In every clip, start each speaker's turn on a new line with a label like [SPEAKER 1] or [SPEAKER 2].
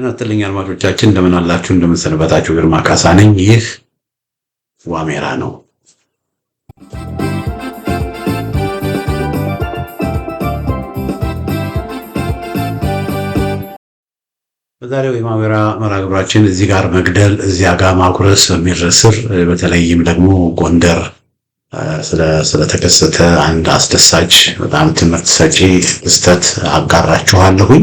[SPEAKER 1] እናትልኝ አድማጮቻችን እንደምን አላችሁ? እንደምን ሰነበታችሁ? ግርማ ካሳ ነኝ። ይህ ዋሜራ ነው። በዛሬው የዋሜራ መርሃ ግብራችን እዚህ ጋር መግደል እዚያ ጋር ማኩረስ በሚል ርዕስ በተለይም ደግሞ ጎንደር ስለተከሰተ አንድ አስደሳች በጣም ትምህርት ሰጪ ክስተት አጋራችኋለሁኝ።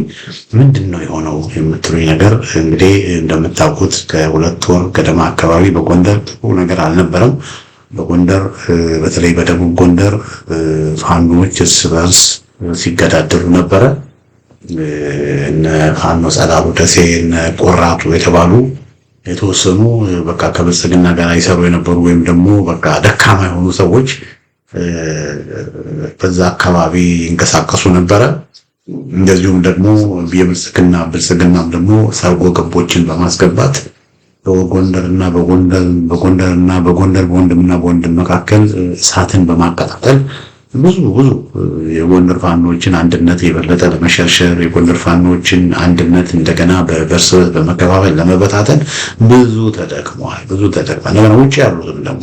[SPEAKER 1] ምንድን ነው የሆነው የምትሉኝ ነገር እንግዲህ እንደምታውቁት ከሁለት ወር ገደማ አካባቢ በጎንደር ጥሩ ነገር አልነበረም። በጎንደር በተለይ በደቡብ ጎንደር ፋኖች እርስ በርስ ሲገዳደሉ ነበረ። እነ ፋኖ ጸላሉ ደሴ፣ እነ ቆራጡ የተባሉ የተወሰኑ በቃ ከብልጽግና ጋር ይሰሩ የነበሩ ወይም ደግሞ በቃ ደካማ የሆኑ ሰዎች በዛ አካባቢ ይንቀሳቀሱ ነበረ። እንደዚሁም ደግሞ የብልጽግና ብልጽግናም ደግሞ ሰርጎ ገቦችን በማስገባት በጎንደርና በጎንደርና በጎንደር በወንድምና በወንድም መካከል እሳትን በማቀጣጠል ብዙ ብዙ የጎንደር ፋኖችን አንድነት የበለጠ ለመሸርሸር የጎንደር ፋኖችን አንድነት እንደገና በእርስ በርስ በመከፋፈል ለመበታተን ብዙ ተጠቅመዋል። ብዙ ተጠቅመዋል። እንደገና ውጭ ያሉትም ደግሞ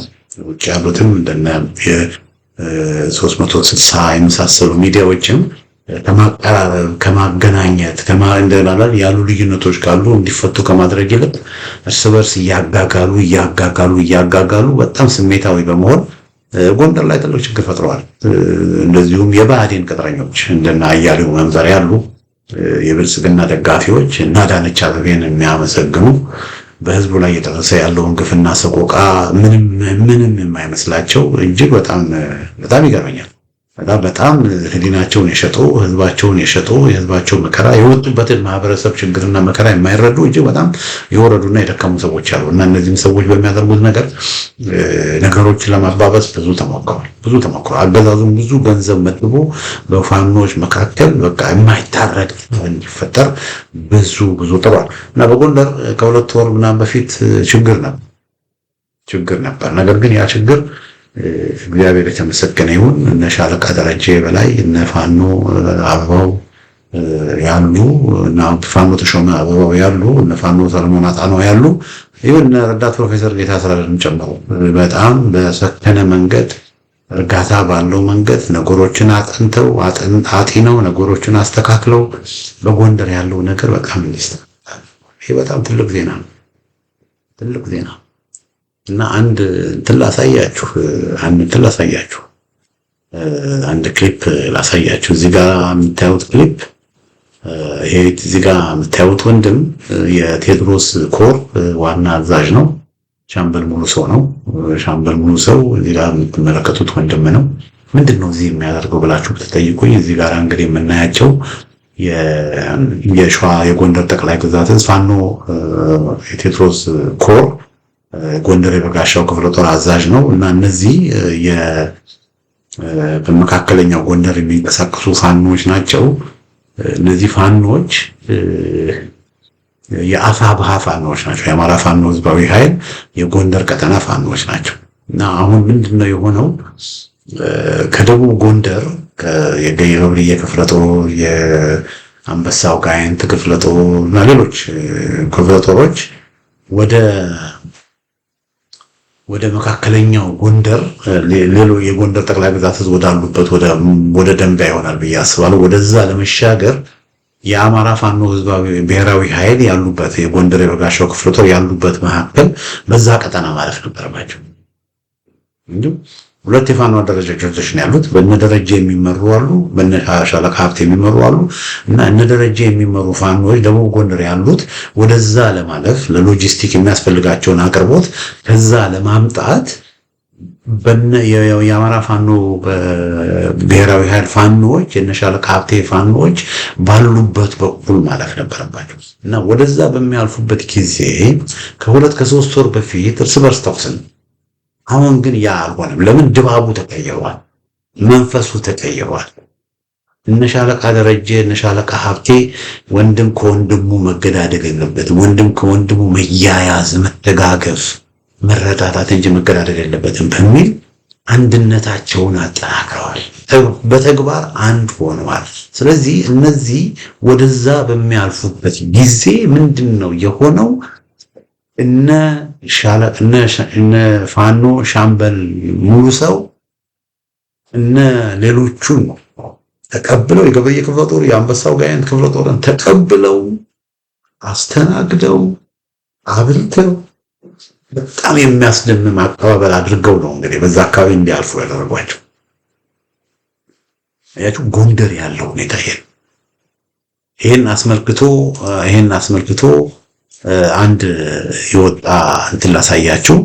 [SPEAKER 1] ውጭ ያሉትም እንደነ የሶስት መቶ ስልሳ የመሳሰሉ ሚዲያዎችም ከማቀራረብ ከማገናኘት እንደላላል ያሉ ልዩነቶች ካሉ እንዲፈቱ ከማድረግ ይልቅ እርስ በርስ እያጋጋሉ እያጋጋሉ እያጋጋሉ በጣም ስሜታዊ በመሆን ጎንደር ላይ ትልቅ ችግር ፈጥረዋል። እንደዚሁም የብአዴን ቅጥረኞች እንደና አያሌው መንዘር ያሉ የብልጽግና ደጋፊዎች እና ዳነቻ አቤቤን የሚያመሰግኑ በህዝቡ ላይ እየደረሰ ያለውን ግፍና ሰቆቃ ምንም ምንም የማይመስላቸው እጅግ በጣም በጣም ይገርመኛል። በጣም በጣም ህሊናቸውን የሸጡ ህዝባቸውን የሸጡ የህዝባቸው መከራ የወጡበትን ማህበረሰብ ችግርና መከራ የማይረዱ እጅግ በጣም የወረዱና የደከሙ ሰዎች አሉ እና እነዚህም ሰዎች በሚያደርጉት ነገር ነገሮችን ለማባበስ ብዙ ተሞክሯል፣ ብዙ ተሞክሯል። አገዛዙም ብዙ ገንዘብ መጥቦ በፋኖች መካከል በቃ የማይታረቅ እንዲፈጠር ብዙ ብዙ ጥሯል እና በጎንደር ከሁለት ወር ምናምን በፊት ችግር ነበር ችግር ነበር። ነገር ግን ያ ችግር እግዚአብሔር የተመሰገነ ይሁን። እነ ሻለቃ ደረጀ በላይ እነ ፋኖ አበባው ያሉ እና ፋኖ ተሾመ አበባው ያሉ እነ ፋኖ ሰለሞን አጣነው ያሉ ይሁን ረዳት ፕሮፌሰር ጌታ ስራርን ጨምሮ በጣም በሰከነ መንገድ እርጋታ ባለው መንገድ ነገሮችን አጥንተው አጢነው ነገሮችን አስተካክለው በጎንደር ያለው ነገር በጣም ይህ በጣም ትልቅ ዜና ነው። ትልቅ ዜና እና አንድ እንትን ላሳያችሁ አንድ እንትን ላሳያችሁ አንድ ክሊፕ ላሳያችሁ። እዚህ ጋር የምታዩት ክሊፕ ይሄ እዚህ ጋር የምታዩት ወንድም የቴዎድሮስ ኮር ዋና አዛዥ ነው። ሻምበል ሙሉ ሰው ነው። ሻምበል ሙሉ ሰው እዚህ ጋር የምትመለከቱት ወንድም ነው። ምንድን ነው እዚህ የሚያደርገው ብላችሁ ብትጠይቁኝ፣ እዚህ ጋር እንግዲህ የምናያቸው የሸዋ የጎንደር ጠቅላይ ግዛት ፋኖ የቴዎድሮስ ኮር ጎንደር የበጋሻው ክፍለ ጦር አዛዥ ነው እና እነዚህ በመካከለኛው ጎንደር የሚንቀሳቀሱ ፋኖዎች ናቸው። እነዚህ ፋኖች የአፋብሃ ፋኖዎች ናቸው። የአማራ ፋኖ ህዝባዊ ኃይል የጎንደር ቀጠና ፋኖዎች ናቸው እና አሁን ምንድን ነው የሆነው? ከደቡብ ጎንደር የገብርዬ ክፍለ ጦር፣ የአንበሳው ጋይንት ክፍለ ጦር እና ሌሎች ክፍለ ጦሮች ወደ ወደ መካከለኛው ጎንደር ሌሎ የጎንደር ጠቅላይ ግዛት ህዝብ ወዳሉበት ወደ ደንቢያ ይሆናል ብዬ አስባለሁ። ወደዛ ለመሻገር የአማራ ፋኖ ህዝባዊ ብሔራዊ ኃይል ያሉበት የጎንደር የበጋሻው ክፍለ ጦር ያሉበት መካከል በዛ ቀጠና ማለፍ ነበረባቸው። ሁለት የፋኖ አደረጃጀቶች ነው ያሉት። በእነ ደረጀ የሚመሩ አሉ፣ በእነ ሻለቃ ሀብት የሚመሩ አሉ እና እነ ደረጀ የሚመሩ ፋኖዎች ደቡብ ጎንደር ያሉት ወደዛ ለማለፍ ለሎጂስቲክ የሚያስፈልጋቸውን አቅርቦት ከዛ ለማምጣት የአማራ ፋኖ ብሔራዊ ኃይል ፋኖዎች የነሻለቃ ሀብቴ ፋኖዎች ባሉበት በኩል ማለፍ ነበረባቸው እና ወደዛ በሚያልፉበት ጊዜ ከሁለት ከሶስት ወር በፊት እርስ በርስ ተኩስ አሁን ግን ያ አልሆነም። ለምን ድባቡ ተቀይሯል፣ መንፈሱ ተቀይሯል። እነሻለቃ ደረጀ እነ ሀብቴ ወንድም ከወንድሙ መገዳደግ የለበትም። ወንድም ከወንድሙ መያያዝ፣ መደጋገፍ፣ መረዳታት እንጂ መገዳደግ የለበትም በሚል አንድነታቸውን አጠናክረዋል። በተግባር አንድ ሆነዋል። ስለዚህ እነዚህ ወደዛ በሚያልፉበት ጊዜ ምንድን ነው የሆነው? እነ ፋኖ ሻምበል ሙሉ ሰው እነ ሌሎቹን ተቀብለው የገበየ ክፍለ ጦር የአንበሳው ጋይንት ክፍለ ጦርን ተቀብለው አስተናግደው አብልተው በጣም የሚያስደምም አቀባበል አድርገው ነው እንግዲህ በዛ አካባቢ እንዲያልፉ ያደረጓቸው። ያቸው ጎንደር ያለው ሁኔታ ይሄን ይሄን አስመልክቶ ይሄን አስመልክቶ አንድ የወጣ እንትን ላሳያችሁ።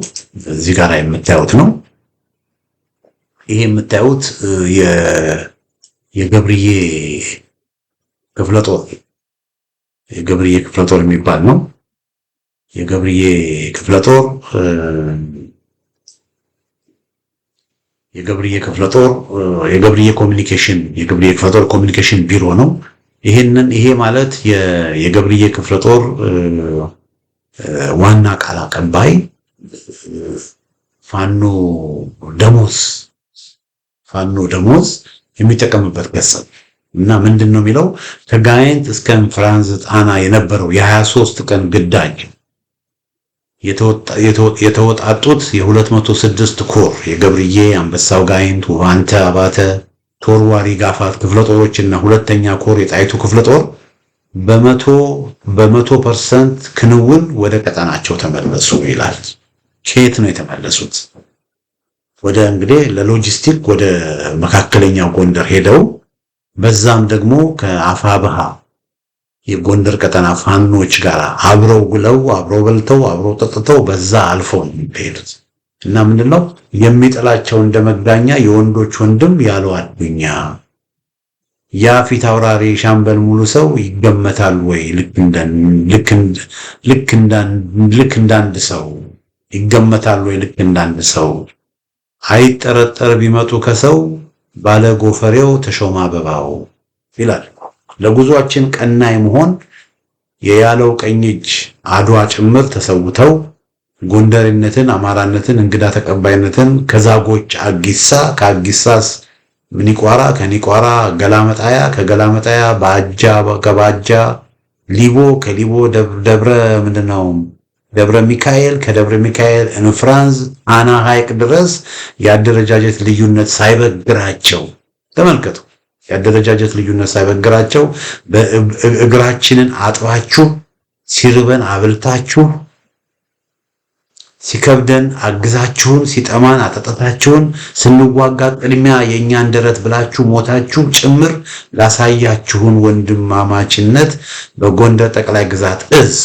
[SPEAKER 1] እዚህ ጋር የምታዩት ነው። ይሄ የምታዩት የገብርዬ ክፍለጦር የገብርዬ ክፍለጦር የሚባል ነው። የገብርዬ ክፍለጦር የገብርዬ ክፍለጦር የገብርዬ ኮሚኒኬሽን የገብርዬ ክፍለጦር ኮሚኒኬሽን ቢሮ ነው። ይሄንን ይሄ ማለት የገብርዬ ክፍለ ጦር ዋና ቃል አቀባይ ፋኖ ደሞዝ ፋኖ ደሞዝ የሚጠቀምበት ገጽ እና ምንድን ነው የሚለው ከጋይንት እስከ እንፍራንዝ ጣና የነበረው የ23 ቀን ግዳጅ የተወጣጡት የ206 ኮር የገብርዬ፣ አንበሳው፣ ጋይንት፣ ውባንተ፣ አባተ ተወርዋሪ ጋፋት ክፍለ እና ሁለተኛ ኮር የጣይቱ ክፍለ ጦር በመቶ በመቶ ፐርሰንት ክንውን ወደ ቀጠናቸው ተመለሱ ይላል። ከየት ነው የተመለሱት? ወደ እንግዲህ ለሎጂስቲክ ወደ መካከለኛው ጎንደር ሄደው በዛም ደግሞ ከአፋብሃ የጎንደር ቀጠና ፋኖች ጋር አብረው ውለው አብረው በልተው አብረው ጠጥተው በዛ አልፈው ሄዱት። እና ምንድን ነው የሚጥላቸው እንደ መግዳኛ የወንዶች ወንድም ያለው አዱኛ ያ ፊት አውራሪ ሻምበል ሙሉ ሰው ይገመታል ወይ? ልክ እንዳንድ ሰው ይገመታል ወይ? ልክ እንዳንድ ሰው አይጠረጠር ቢመጡ ከሰው ባለ ጎፈሬው ተሾማ አበባው ይላል። ለጉዟችን ቀናይ መሆን የያለው ቀኝ እጅ አድዋ ጭምር ተሰውተው ጎንደርነትን አማራነትን፣ እንግዳ ተቀባይነትን ከዛጎች አጊሳ ከአጊሳስ ኒቋራ ከኒቋራ ገላመጣያ ከገላመጣያ በአጃ ከባጃ ሊቦ ከሊቦ ደብረ ምንድነው ደብረ ሚካኤል ከደብረ ሚካኤል እንፍራንዝ አና ሐይቅ ድረስ የአደረጃጀት ልዩነት ሳይበግራቸው ተመልከቱ። የአደረጃጀት ልዩነት ሳይበግራቸው እግራችንን አጥባችሁ ሲርበን አብልታችሁ ሲከብደን አግዛችሁን፣ ሲጠማን አጠጠታችሁን፣ ስንዋጋ ቅድሚያ የእኛን ደረት ብላችሁ ሞታችሁ ጭምር ላሳያችሁን ወንድማማችነት በጎንደር ጠቅላይ ግዛት እዝ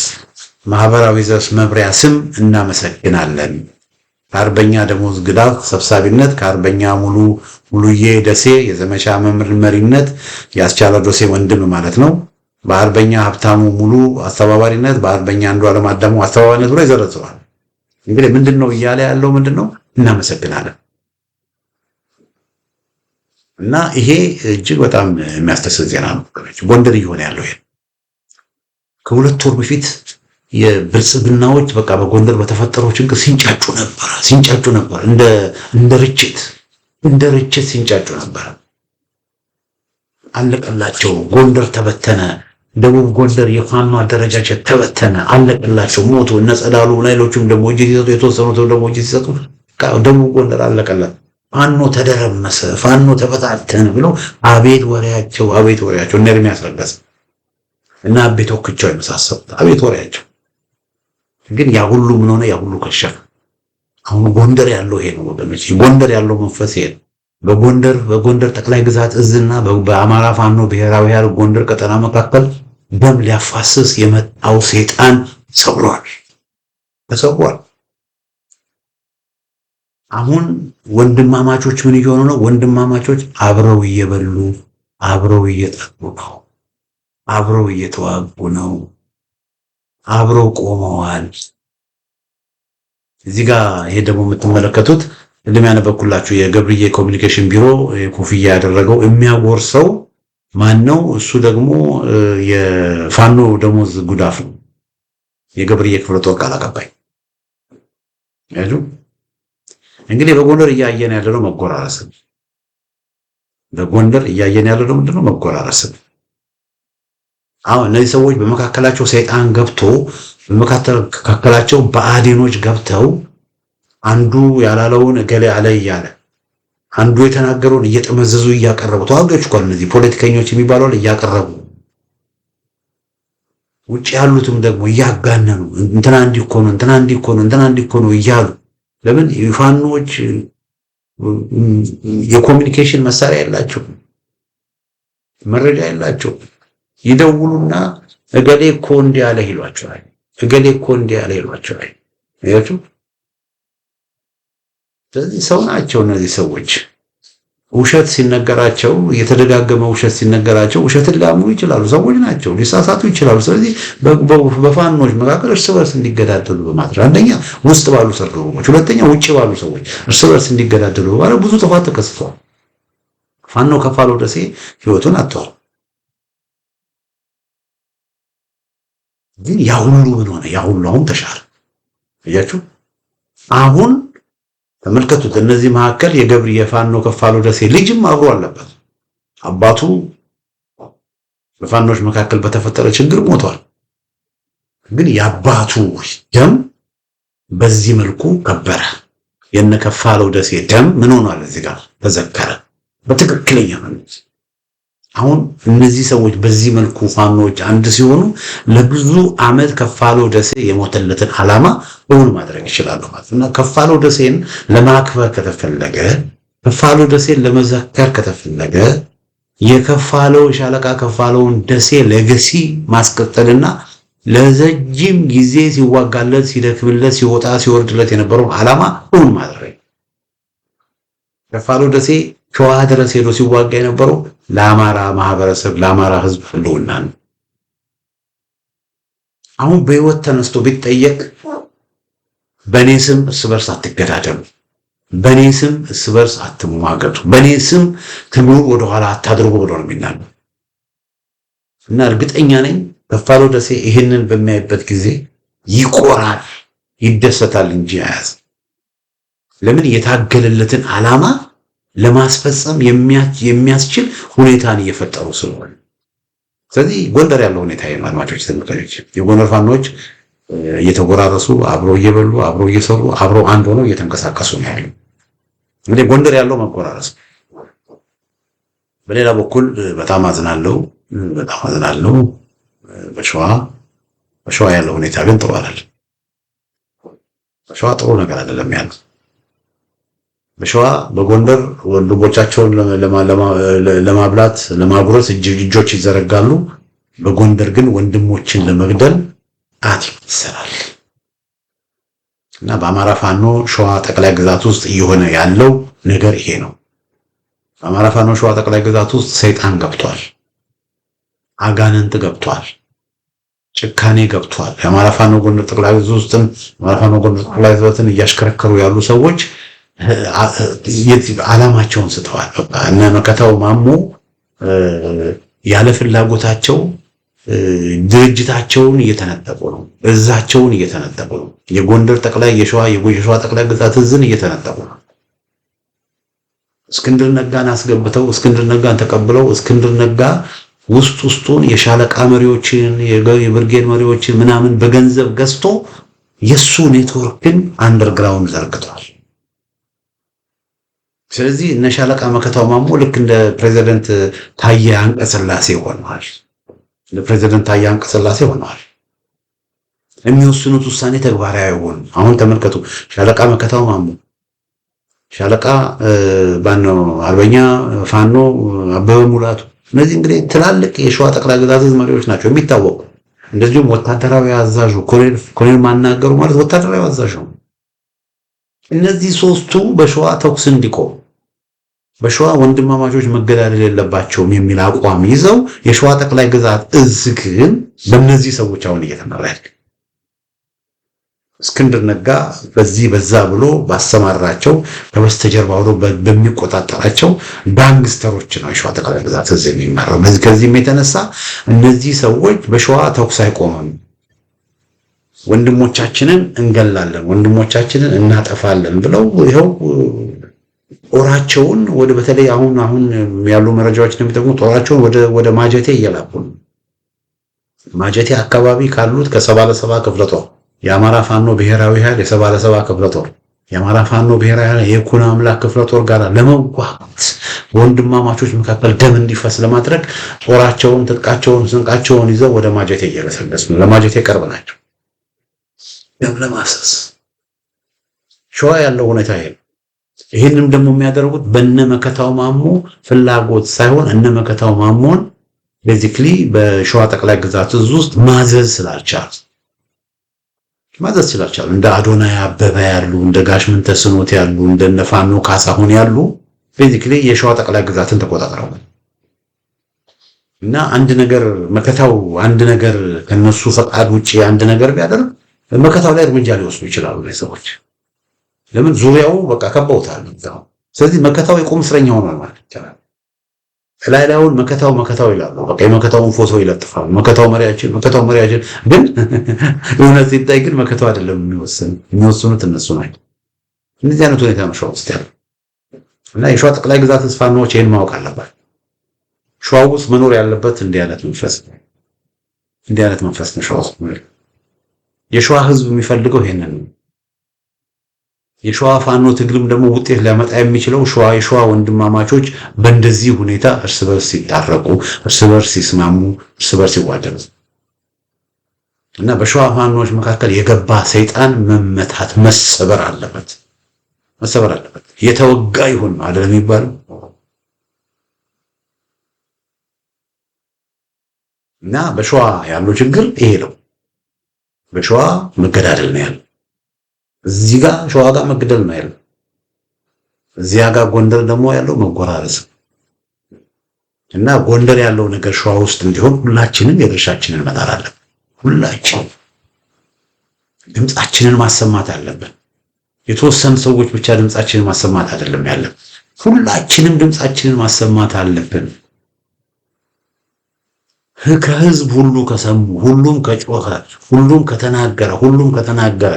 [SPEAKER 1] ማህበራዊ ዘብስ መምሪያ ስም እናመሰግናለን። ከአርበኛ ደሞዝ ግዳፍ ሰብሳቢነት ከአርበኛ ሙሉ ሙሉዬ ደሴ የዘመቻ መምር መሪነት ያስቻለ ደሴ ወንድም ማለት ነው። በአርበኛ ሀብታሙ ሙሉ አስተባባሪነት፣ በአርበኛ አንዱ አለም አዳሙ አስተባባሪነት ብሎ ይዘረዝሯል። እንግዲህ ምንድን ነው እያለ ያለው ምንድን ነው? እናመሰግናለን። እና ይሄ እጅግ በጣም የሚያስደስት ዜና ነው። ጎንደር እየሆነ ያለው ይሄ ከሁለት ወር በፊት የብልጽግናዎች በቃ በጎንደር በተፈጠረው ችግር ሲንጫጩ ነበር ሲንጫጩ ነበር እንደ እንደ ርችት እንደ ርችት ሲንጫጩ ነበር። አለቀላቸው፣ ጎንደር ተበተነ፣ ደቡብ ጎንደር የፋኖ አደረጃጀት ተበተነ፣ አለቀላቸው፣ ሞቱ። እነ ጸዳሉ ሌሎቹም ደግሞ እጅ ሲሰጡ የተወሰኑት ደግሞ እጅ ሲሰጡ ደቡብ ጎንደር አለቀላት፣ ፋኖ ተደረመሰ፣ ፋኖ ተበታተን ብሎ አቤት ወሬያቸው፣ አቤት ወሬያቸው። እነ እድሜ ያስረገሰ እና አቤት ወክቻው የመሳሰሉት አቤት ወሬያቸው። ግን ያ ሁሉ ምን ሆነ? ያ ሁሉ ከሸፈ። አሁን ጎንደር ያለው ይሄ ነው ወገኖች፣ ጎንደር ያለው መንፈስ ይሄ ነው። በጎንደር በጎንደር ጠቅላይ ግዛት እዝና በአማራ ፋኖ ብሔራዊ ኃይል ጎንደር ቀጠና መካከል ደም ሊያፋስስ የመጣው ሰይጣን ሰብሯል ተሰብሯል። አሁን ወንድማማቾች ምን እየሆኑ ነው? ወንድማማቾች አብረው እየበሉ አብረው እየጠጡ ነው። አብረው እየተዋጉ ነው። አብረው ቆመዋል። እዚህ ጋር ይሄ ደግሞ የምትመለከቱት ልም ያነበብኩላችሁ የገብርዬ ኮሚኒኬሽን ቢሮ ኮፍያ ያደረገው የሚያጎርሰው ማን ነው እሱ? ደግሞ የፋኖ ደሞዝ ጉዳፍ ነው። የገብርዬ ክፍለ ጦር ቃል አቀባይ እንግዲህ በጎንደር እያየን ያለ ነው መጎራረስን። በጎንደር እያየን ያለ ነው ምንድነው መጎራረስን። አሁን እነዚህ ሰዎች በመካከላቸው ሰይጣን ገብቶ በመካከላቸው በአዴኖች ገብተው አንዱ ያላለውን እገሌ አለ እያለ አንዱ የተናገረውን እየጠመዘዙ እያቀረቡ ተዋጊዎች እኮ እነዚህ ፖለቲከኞች የሚባለውን እያቀረቡ ውጭ ያሉትም ደግሞ እያጋነኑ እንትና እንዲህ ነው እንትና እንዲህ ነው እንትና እንዲህ ነው እያሉ ለምን ፋኖች የኮሚኒኬሽን መሳሪያ የላቸው፣ መረጃ የላቸው። ይደውሉና እገሌ እኮ እንዲህ አለ ይሏቸዋል። እገሌ እኮ እንዲህ አለ ይሏቸዋል። ስለዚህ ሰው ናቸው እነዚህ ሰዎች። ውሸት ሲነገራቸው የተደጋገመ ውሸት ሲነገራቸው ውሸትን ሊያምኑ ይችላሉ። ሰዎች ናቸው፣ ሊሳሳቱ ይችላሉ። ስለዚህ በፋኖች መካከል እርስ በርስ እንዲገዳደሉ በማድረግ አንደኛ ውስጥ ባሉ ሰርጎቦች፣ ሁለተኛ ውጭ ባሉ ሰዎች እርስ በርስ እንዲገዳደሉ በማድረግ ብዙ ጥፋት ተከስቷል። ፋኖ ከፋለው ደሴ ህይወቱን አጥቷል። ግን ያ ሁሉ ምን ሆነ? ያ ሁሉ አሁን ተሻረ። እያችሁ አሁን ተመልከቱት። እነዚህ መካከል የገብሪ የፋኖ ከፋሉ ደሴ ልጅም አብሮ አለበት። አባቱ በፋኖች መካከል በተፈጠረ ችግር ሞቷል። ግን የአባቱ ደም በዚህ መልኩ ከበረ። የነ ከፋለው ደሴ ደም ምን ሆኗል? እዚህ ጋር ተዘከረ በትክክለኛ አሁን እነዚህ ሰዎች በዚህ መልኩ ፋኖች አንድ ሲሆኑ ለብዙ ዓመት ከፋለው ደሴ የሞተለትን ዓላማ እውን ማድረግ ይችላሉ ማለት እና ከፋለው ደሴን ለማክበር ከተፈለገ፣ ከፋለው ደሴን ለመዘከር ከተፈለገ የከፋለው ሻለቃ ከፋለውን ደሴ ለገሲ ማስቀጠልና ለረጅም ጊዜ ሲዋጋለት ሲደክምለት ሲወጣ ሲወርድለት የነበረውን ዓላማ እውን ማድረግ ከፋለው ደሴ ሸዋ ድረስ ሄዶ ሲዋጋ የነበረው ለአማራ ማህበረሰብ ለአማራ ህዝብ ህልውና ነው። አሁን በህይወት ተነስቶ ቢጠየቅ በእኔ ስም እርስ በርስ አትገዳደሉ፣ በእኔ ስም እርስ በርስ አትሟገጡ፣ በእኔ ስም ትግሉ ወደኋላ አታድርጉ ብሎ ነው የሚናለው እና እርግጠኛ ነኝ በፋሎ ደሴ ይህንን በሚያይበት ጊዜ ይቆራል፣ ይደሰታል እንጂ አያዝ ለምን የታገለለትን ዓላማ ለማስፈጸም የሚያስችል ሁኔታን እየፈጠሩ ስለሆነ ስለዚህ ጎንደር ያለው ሁኔታ ነው። አድማጮች፣ ተመልካቾች የጎንደር ፋኖች እየተጎራረሱ አብረው እየበሉ አብረው እየሰሩ አብረው አንድ ሆነው እየተንቀሳቀሱ ነው ያለው። እንግዲህ ጎንደር ያለው መጎራረስ። በሌላ በኩል በጣም አዝናለው፣ በጣም አዝናለው በሸዋ በሸዋ ያለው ሁኔታ ግን ጥሩ አይደለም። በሸዋ ጥሩ ነገር አይደለም ያለው በሸዋ በጎንደር ወንድሞቻቸውን ለማብላት ለማጉረስ እጅጆች ይዘረጋሉ። በጎንደር ግን ወንድሞችን ለመግደል ጣት ይሰራል እና በአማራ ፋኖ ሸዋ ጠቅላይ ግዛት ውስጥ እየሆነ ያለው ነገር ይሄ ነው። በአማራ ፋኖ ሸዋ ጠቅላይ ግዛት ውስጥ ሰይጣን ገብቷል፣ አጋንንት ገብቷል፣ ጭካኔ ገብቷል። የአማራ ፋኖ ጎንደር ጠቅላይ ግዛት ውስጥም የአማራ ፋኖ ጎንደር ጠቅላይ ግዛትን እያሽከረከሩ ያሉ ሰዎች አላማቸውን ስተዋል። በቃ እነ መከታው ማሞ ያለ ፍላጎታቸው ድርጅታቸውን እየተነጠቁ ነው። እዛቸውን እየተነጠቁ ነው። የጎንደር ጠቅላይ የሸዋ የሸዋ ጠቅላይ ግዛት እዝን እየተነጠቁ ነው። እስክንድር ነጋን አስገብተው እስክንድር ነጋን ተቀብለው እስክንድር ነጋ ውስጥ ውስጡን የሻለቃ መሪዎችን የብርጌድ መሪዎችን ምናምን በገንዘብ ገዝቶ የሱ ኔትወርክን አንደርግራውንድ ዘርግቷል። ስለዚህ እነ ሻለቃ መከታው ማሞ ልክ እንደ ፕሬዚደንት ታዬ አንቀስላሴ ሆነዋል። እንደ ፕሬዚደንት ታዬ አንቀስላሴ ሆነዋል። የሚወስኑት ውሳኔ ተግባራዊ አይሆን። አሁን ተመልከቱ፣ ሻለቃ መከታው ማሞ፣ ሻለቃ ባኖ አርበኛ ፋኖ አበበ ሙላቱ፣ እነዚህ እንግዲህ ትላልቅ የሸዋ ጠቅላይ ግዛዝ መሪዎች ናቸው የሚታወቁ። እንደዚሁም ወታደራዊ አዛዡ ኮሎኔል ማናገሩ ማለት ወታደራዊ አዛዥ ነው። እነዚህ ሶስቱ በሸዋ ተኩስ እንዲቆም በሸዋ ወንድማማቾች መገዳደል የለባቸውም የሚል አቋም ይዘው የሸዋ ጠቅላይ ግዛት እዝ ግን በእነዚህ ሰዎች አሁን እየተመራ እስክንድር ነጋ በዚህ በዛ ብሎ ባሰማራቸው ከበስተጀርባ ሆኖ በሚቆጣጠራቸው ጋንግስተሮች ነው የሸዋ ጠቅላይ ግዛት እዝ የሚመራው። ከዚህም የተነሳ እነዚህ ሰዎች በሸዋ ተኩስ አይቆምም፣ ወንድሞቻችንን እንገላለን፣ ወንድሞቻችንን እናጠፋለን ብለው ይኸው ጦራቸውን ወደ በተለይ አሁን አሁን ያሉ መረጃዎች እንደሚጠቁሙ ጦራቸውን ወደ ወደ ማጀቴ እየላኩ ነው። ማጀቴ አካባቢ ካሉት ከሰባ ለሰባ ክፍለ ጦር የአማራ ፋኖ ብሔራዊ ኃይል የሰባ ለሰባ ክፍለ ጦር የአማራ ፋኖ ብሔራዊ ኃይል የኩና አምላክ ክፍለ ጦር ጋር ለመዋጋት በወንድማማቾች መካከል ደም እንዲፈስ ለማድረግ ጦራቸውን፣ ትጥቃቸውን፣ ስንቃቸውን ይዘው ወደ ማጀቴ እየለሰለስ ነው። ለማጀቴ ቅርብ ናቸው። ደም ለማሰስ ሸዋ ያለው ሁኔታ ይሄ ነው። ይህንም ደግሞ የሚያደርጉት መከታው ማሞ ፍላጎት ሳይሆን እነመከታው ማሞን ቤዚክሊ በሸዋ ጠቅላይ ግዛት እዝ ውስጥ ማዘዝ ስላልቻሉ ማዘዝ ስላልቻሉ እንደ አዶናይ አበበ ያሉ እንደ ጋሽ ምንተስኖት ያሉ እንደ ነፋኖ ካሳሁን ያሉ ቤዚክሊ የሸዋ ጠቅላይ ግዛትን ተቆጣጥረው እና አንድ ነገር መከታው አንድ ነገር ከነሱ ፈቃድ ውጭ አንድ ነገር ቢያደርግ መከታው ላይ እርምጃ ሊወስዱ ይችላሉ ሰዎች። ለምን ዙሪያው በቃ ከበውታል። ስለዚህ መከታው የቁም እስረኛ ሆኗል ማለት ይቻላል። ላይ ላዩን መከታው መከታው ይላሉ። በቃ የመከታውን ፎቶ ይለጥፋሉ። መከታው መሪያችን፣ መከታው መሪያችን። ግን እውነት ሲታይ ግን መከታው አይደለም የሚወስን የሚወስኑት እነሱ ናቸው። እነዚህ አይነት ሁኔታ ነው ሸዋ ውስጥ ያለው እና የሸዋ ጠቅላይ ግዛት ፋኖዎች ይህን ማወቅ አለባቸው። ሸዋ ውስጥ መኖር ያለበት እንዲህ አይነት መንፈስ እንዲህ አይነት መንፈስ ነው ሸዋ ውስጥ የሸዋ ህዝብ የሚፈልገው ይሄንን ነው። የሸዋ ፋኖ ትግልም ደግሞ ውጤት ሊያመጣ የሚችለው ሸዋ የሸዋ ወንድማማቾች በእንደዚህ ሁኔታ እርስ በርስ ሲታረቁ፣ እርስ በርስ ሲስማሙ፣ እርስ በርስ ሲዋደሩ እና በሸዋ ፋኖች መካከል የገባ ሰይጣን መመታት መሰበር አለበት መሰበር አለበት። የተወጋ ይሁን አይደል የሚባለው እና በሸዋ ያለው ችግር ይሄ ነው። በሸዋ መገዳደል ነው ያለው። እዚህ ጋ ሸዋ ጋ መግደል ነው ያለው። እዚያ ጋ ጎንደር ደግሞ ያለው መጎራረስ እና ጎንደር ያለው ነገር ሸዋ ውስጥ እንዲሆን ሁላችንም የድርሻችንን መጣር አለብን። ሁላችን ድምፃችንን ማሰማት አለብን። የተወሰኑ ሰዎች ብቻ ድምፃችንን ማሰማት አይደለም ያለን፣ ሁላችንም ድምፃችንን ማሰማት አለብን። ከህዝብ ሁሉ ከሰሙ ሁሉም ከጮኸ ሁሉም ከተናገረ ሁሉም ከተናገረ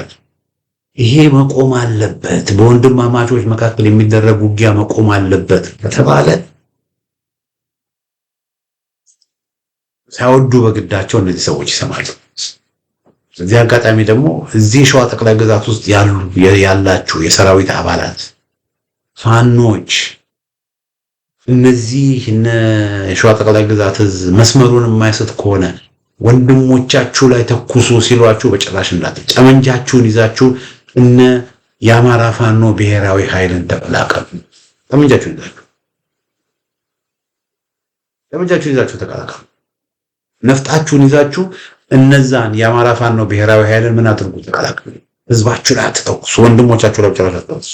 [SPEAKER 1] ይሄ መቆም አለበት። በወንድማማቾች መካከል የሚደረግ ውጊያ መቆም አለበት ከተባለ ሳይወዱ በግዳቸው እነዚህ ሰዎች ይሰማሉ። እዚህ አጋጣሚ ደግሞ እዚህ ሸዋ ጠቅላይ ግዛት ውስጥ ያሉ ያላችሁ የሰራዊት አባላት ፋኖች፣ እነዚህ ሸዋ ጠቅላይ ግዛት መስመሩን የማይስት ከሆነ ወንድሞቻችሁ ላይ ተኩሱ ሲሏችሁ በጭራሽ እንዳት ጠመንጃችሁን ይዛችሁ እነ የአማራ ፋኖ ብሔራዊ ኃይልን ተቀላቀሉ። ጠመንጃችሁን ይዛችሁ ጠመንጃችሁን ይዛችሁ ተቀላቀሉ። ነፍጣችሁን ይዛችሁ እነዛን የአማራ ፋኖ ብሔራዊ ኃይልን ምን አድርጉ? ተቀላቀሉ። ህዝባችሁ ላይ አትተኩሱ። ወንድሞቻችሁ ላይ ብቻ አትተኩሱ።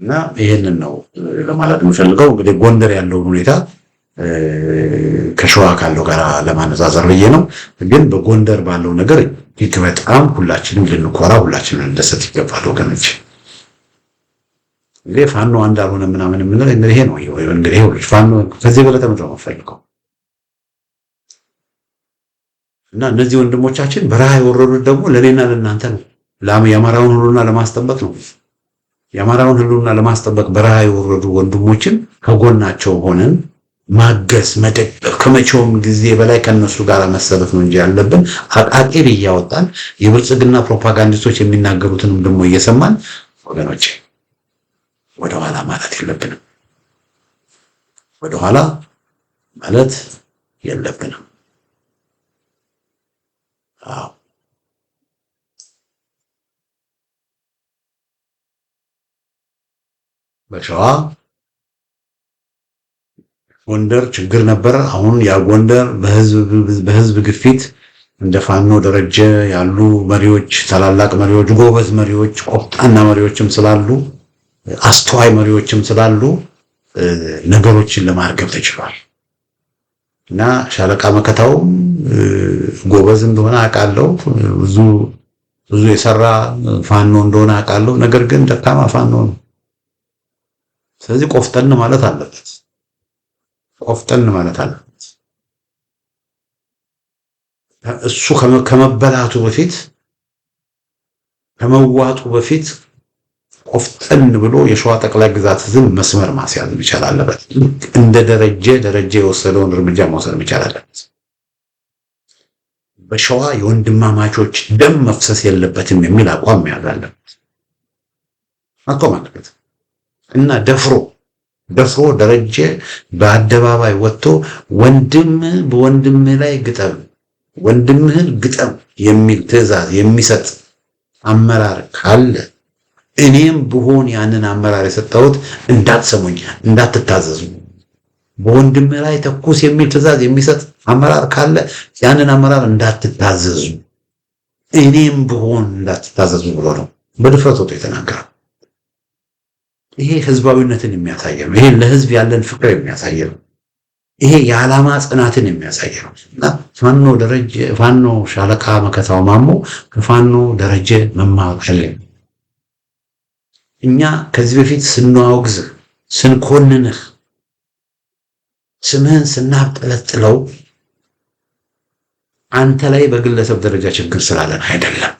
[SPEAKER 1] እና ይህንን ነው ለማለት የምፈልገው። እንግዲህ ጎንደር ያለውን ሁኔታ ከሸዋ ካለው ጋር ለማነጻጸር ብዬ ነው። ግን በጎንደር ባለው ነገር ይህ በጣም ሁላችንም ልንኮራ፣ ሁላችንም ልንደሰት ይገባል ወገኖች። እንግዲህ ፋኖ አንድ አልሆነ ምናምን የምንለው ይሄ ነው። እንግዲህ ፋኖ ከዚህ በለጠ ምድረ መፈልገው እና እነዚህ ወንድሞቻችን በረሃ የወረዱት ደግሞ ለእኔና ለእናንተ ነው። የአማራውን ህልውና ለማስጠበቅ ነው። የአማራውን ህልውና ለማስጠበቅ በረሃ የወረዱ ወንድሞችን ከጎናቸው ሆነን ማገዝ መደገፍ ከመቼውም ጊዜ በላይ ከነሱ ጋር መሰለፍ ነው እንጂ ያለብን አቃቂር እያወጣን የብልጽግና ፕሮፓጋንዲስቶች የሚናገሩትንም ደግሞ እየሰማን ወገኖች ወደኋላ ማለት የለብንም። ወደኋላ ማለት የለብንም። አዎ በሸዋ ጎንደር ችግር ነበረ። አሁን ያ ጎንደር በህዝብ ግፊት እንደ ፋኖ ደረጀ ያሉ መሪዎች፣ ታላላቅ መሪዎች፣ ጎበዝ መሪዎች፣ ቆፍጣና መሪዎችም ስላሉ አስተዋይ መሪዎችም ስላሉ ነገሮችን ለማርገብ ተችሏል እና ሻለቃ መከታውም ጎበዝ እንደሆነ አውቃለሁ። ብዙ ብዙ የሰራ ፋኖ እንደሆነ አውቃለሁ። ነገር ግን ደካማ ፋኖ ነው። ስለዚህ ቆፍጠን ማለት አለበት። ቆፍጠን ማለት አለ። እሱ ከመበላቱ በፊት ከመዋጡ በፊት ቆፍጠን ብሎ የሸዋ ጠቅላይ ግዛት ዝም መስመር ማስያዝ መቻል አለበት። እንደ ደረጀ ደረጀ የወሰደውን እርምጃ መውሰድ መቻል አለበት። በሸዋ የወንድማማቾች ደም መፍሰስ የለበትም የሚል አቋም መያዝ አለበት፣ አቋም አለበት እና ደፍሮ ደፍሮ ደረጀ በአደባባይ ወጥቶ ወንድም በወንድም ላይ ግጠም፣ ወንድምህን ግጠም የሚል ትዕዛዝ የሚሰጥ አመራር ካለ እኔም ብሆን ያንን አመራር የሰጠሁት እንዳትሰሙኝ፣ እንዳትታዘዙ በወንድም ላይ ተኩስ የሚል ትዕዛዝ የሚሰጥ አመራር ካለ ያንን አመራር እንዳትታዘዙ እኔም ብሆን እንዳትታዘዙ ብሎ ነው በድፍረት ወጥቶ የተናገረው። ይሄ ህዝባዊነትን የሚያሳየ ነው። ይሄ ለህዝብ ያለን ፍቅር የሚያሳየ ነው። ይሄ የዓላማ ጽናትን የሚያሳየ ነው እና ፋኖ ደረጀ ፋኖ ሻለቃ መከታው ማሞ ከፋኖ ደረጀ መማር አለ። እኛ ከዚህ በፊት ስናወግዝህ፣ ስንኮንንህ፣ ስምህን ስናጠለጥለው አንተ ላይ በግለሰብ ደረጃ ችግር ስላለን አይደለም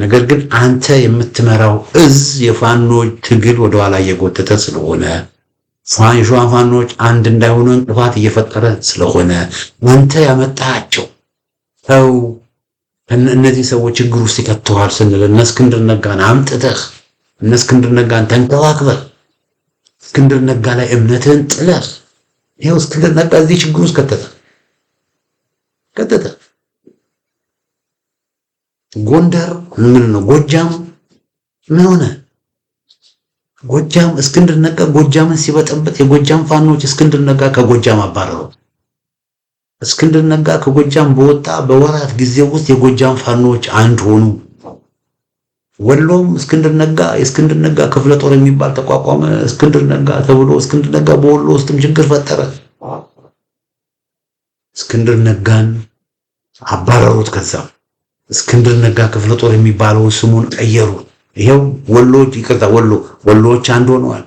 [SPEAKER 1] ነገር ግን አንተ የምትመራው እዝ የፋኖች ትግል ወደኋላ እየጎተተ ስለሆነ የሸዋ ፋኖች አንድ እንዳይሆኑ እንቅፋት እየፈጠረ ስለሆነ አንተ ያመጣቸው ሰው እነዚህ ሰዎች ችግር ውስጥ ይከተዋል ስንል እነ እስክንድር ነጋን አምጥተህ እነ እስክንድር ነጋን ተንከባክበህ እስክንድር ነጋ ላይ እምነትህን ጥለህ ይኸው እስክንድር ነጋ እዚህ ችግር ውስጥ ከተተ ከተተ ጎንደር ምን ነው ጎጃም ምን ሆነ? ጎጃም እስክንድር ነጋ ጎጃምን ሲበጠበት የጎጃም ፋኖች እስክንድር ነጋ ከጎጃም አባረረው። እስክንድር ነጋ ከጎጃም በወጣ በወራት ጊዜ ውስጥ የጎጃም ፋኖች አንድ ሆኑ። ወሎም እስክንድር ነጋ የእስክንድር ነጋ ክፍለ ጦር የሚባል ተቋቋመ። እስክንድር ነጋ ተብሎ እስክንድር ነጋ በወሎ ውስጥም ችግር ፈጠረ። እስክንድር ነጋን አባረሩት ከዛ እስክንድር ነጋ ክፍለ ጦር የሚባለው ስሙን ቀየሩ። ይሄው ወሎች ይቅርታ፣ ወሎ ወሎዎች አንድ ሆነዋል።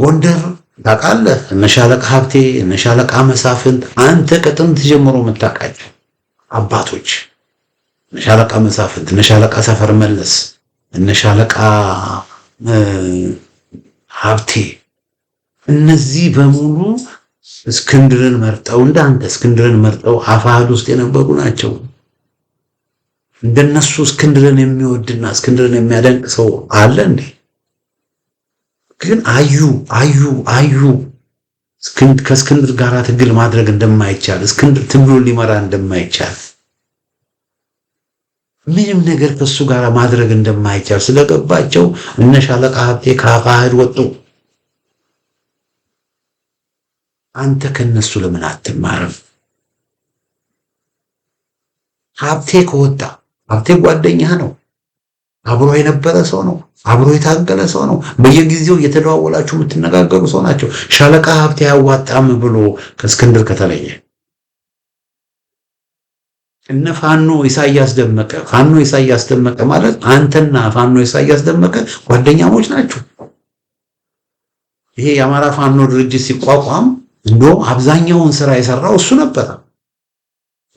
[SPEAKER 1] ጎንደር ታውቃለህ፣ እነ ሻለቃ ሀብቴ እነ ሻለቃ መሳፍንት አንተ ከጥንት ጀምሮ የምታውቃቸው አባቶች እነ ሻለቃ መሳፍንት እነ ሻለቃ ሰፈር መለስ እነ ሻለቃ ሀብቴ እነዚህ በሙሉ እስክንድርን መርጠው እንዳንተ እስክንድርን መርጠው አፋሃድ ውስጥ የነበሩ ናቸው። እንደነሱ እስክንድርን የሚወድና እስክንድርን የሚያደንቅ ሰው አለ እንዴ? ግን አዩ አዩ አዩ ከእስክንድር ጋር ትግል ማድረግ እንደማይቻል እስክንድር ትግሉን ሊመራ እንደማይቻል ምንም ነገር ከሱ ጋር ማድረግ እንደማይቻል ስለገባቸው እነ ሻለቃ ሀብቴ ከአፋሕድ ወጡ። አንተ ከነሱ ለምን አትማርም? ሀብቴ ከወጣ ሀብቴ ጓደኛ ነው፣ አብሮ የነበረ ሰው ነው፣ አብሮ የታገለ ሰው ነው። በየጊዜው እየተደዋወላችሁ የምትነጋገሩ ሰው ናቸው። ሻለቃ ሀብቴ አያዋጣም ብሎ ከእስክንድር ከተለየ እነ ፋኖ ኢሳያስ ደመቀ ፋኖ ኢሳያስ ደመቀ ማለት አንተና ፋኖ ኢሳያስ ደመቀ ጓደኛሞች ናችሁ። ይሄ የአማራ ፋኖ ድርጅት ሲቋቋም እንደውም አብዛኛውን ስራ የሰራው እሱ ነበረ።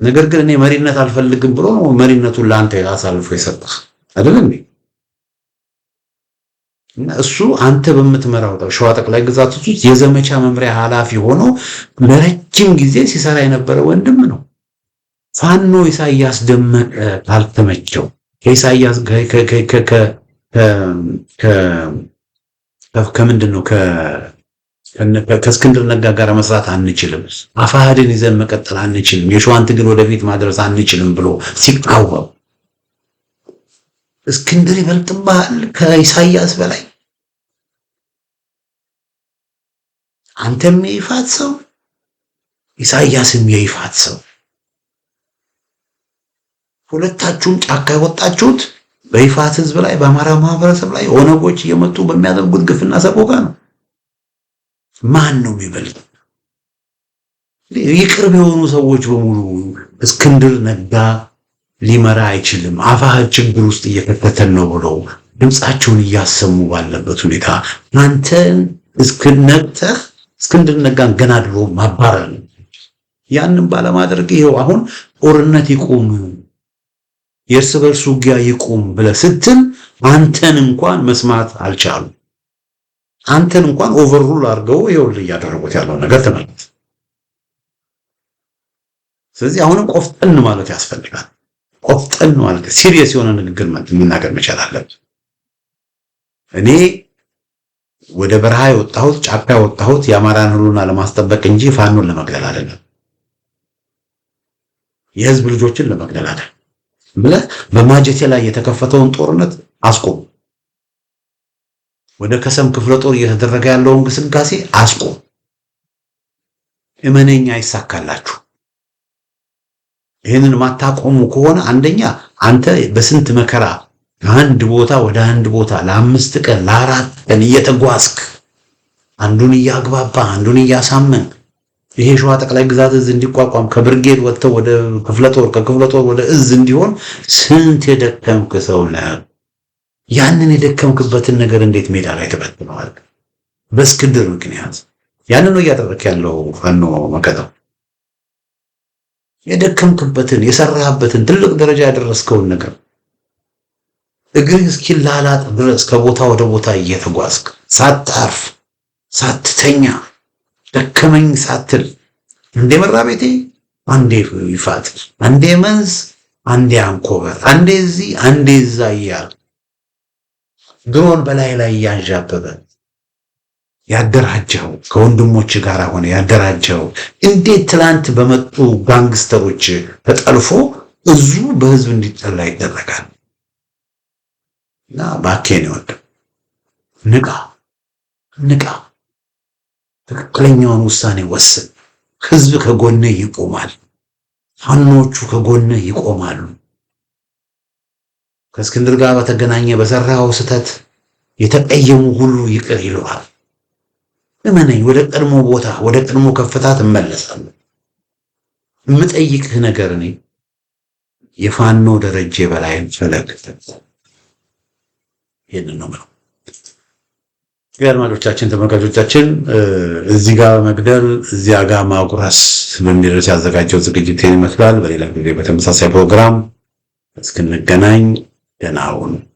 [SPEAKER 1] ነገር ግን እኔ መሪነት አልፈልግም ብሎ ነው መሪነቱን ለአንተ አሳልፎ የሰጠህ አይደል እንዴ? እና እሱ አንተ በምትመራው ሸዋ ጠቅላይ ግዛት ውስጥ የዘመቻ መምሪያ ኃላፊ ሆኖ ለረጅም ጊዜ ሲሰራ የነበረ ወንድም ነው። ፋኖ ኢሳያስ ደመቀ ካልተመቸው ከኢሳያስ ከምንድን ነው ከእስክንድር ነጋ ጋር መስራት አንችልም፣ አፋህድን ይዘን መቀጠል አንችልም፣ የሸዋን ትግል ወደፊት ማድረስ አንችልም ብሎ ሲቃወም እስክንድር ይበልጥብሃል ከኢሳያስ በላይ አንተም የይፋት ሰው ኢሳያስም የይፋት ሰው ሁለታችሁም ጫካ የወጣችሁት በይፋት ህዝብ ላይ በአማራ ማህበረሰብ ላይ ኦነጎች እየመጡ በሚያደርጉት ግፍና ሰቆቃ ነው። ማን ነው የሚበልጥ? የቅርብ የሆኑ ሰዎች በሙሉ እስክንድር ነጋ ሊመራ አይችልም፣ አፋ ችግር ውስጥ እየከተተን ነው ብለው ድምፃቸውን እያሰሙ ባለበት ሁኔታ አንተን እስክነቅተህ እስክንድር ነጋን ገና ድሮ ማባረር ያንን ባለማድረግ ይኸው አሁን ጦርነት ይቁም፣ የእርስ በርስ ውጊያ ይቁም ብለህ ስትል አንተን እንኳን መስማት አልቻሉም። አንተን እንኳን ኦቨርሩል አድርገው ይኸውልህ እያደረጉት ያለው ነገር ትናለት። ስለዚህ አሁንም ቆፍጠን ማለት ያስፈልጋል። ቆፍጠን ማለት ሲሪየስ የሆነ ንግግር መናገር መቻል አለብን። እኔ ወደ በረሃ የወጣሁት ጫካ የወጣሁት የአማራን ህሉና ለማስጠበቅ እንጂ ፋኖን ለመግደል አይደለም፣ የህዝብ ልጆችን ለመግደል አይደለም ብለህ በማጀቴ ላይ የተከፈተውን ጦርነት አስቆም። ወደ ከሰም ክፍለ ጦር እየተደረገ ያለውን ግስጋሴ አስቁም። እመነኛ ይሳካላችሁ። ይህንን ማታቆሙ ከሆነ አንደኛ አንተ በስንት መከራ ከአንድ ቦታ ወደ አንድ ቦታ ለአምስት ቀን ለአራት ቀን እየተጓዝክ አንዱን እያግባባ አንዱን እያሳመን ይሄ ሸዋ ጠቅላይ ግዛት እዝ እንዲቋቋም ከብርጌድ ወጥተው ወደ ክፍለ ጦር ከክፍለ ጦር ወደ እዝ እንዲሆን ስንት የደከምክ ሰው ነው። ያንን የደከምክበትን ነገር እንዴት ሜዳ ላይ ተበትነዋል? በእስክንድር ምክንያት ያንን ነው እያደረክ ያለው ፋኖ መከታው። የደከምክበትን የሰራህበትን ትልቅ ደረጃ ያደረስከውን ነገር እግር እስኪላላጥ ድረስ ከቦታ ወደ ቦታ እየተጓዝክ ሳታርፍ ሳትተኛ ደከመኝ ሳትል እንዴ መራ ቤቴ፣ አንዴ ይፋት፣ አንዴ መንዝ፣ አንዴ አንኮበር፣ አንዴ እዚህ፣ አንዴ እዛ እያል ድሮን በላይ ላይ እያንዣበበ ያደራጀው ከወንድሞች ጋር ሆነ ያደራጀው እንዴት ትላንት በመጡ ጋንግስተሮች ተጠልፎ እዙ በህዝብ እንዲጠላ ይደረጋል። እና ባኬን ይወድ ንቃ፣ ንቃ፣ ትክክለኛውን ውሳኔ ወስን። ህዝብ ከጎንህ ይቆማል። ፋኖቹ ከጎንህ ይቆማሉ። ከእስክንድር ጋር በተገናኘ በሰራው ስህተት የተቀየሙ ሁሉ ይቅር ይሉሃል። እመነኝ፣ ወደ ቀድሞ ቦታ ወደ ቀድሞ ከፍታ ትመለሳለህ። የምጠይቅህ ነገር እኔ የፋኖ ደረጀ በላይን ፈለግ ይህን ነው ምለው። አድማጮቻችን፣ ተመልካቾቻችን እዚህ ጋር መግደል እዚያ ጋር ማጉረስ በሚል ርዕስ ያዘጋጀው ዝግጅት ይመስላል። በሌላ ጊዜ በተመሳሳይ ፕሮግራም እስክንገናኝ der Nahrung.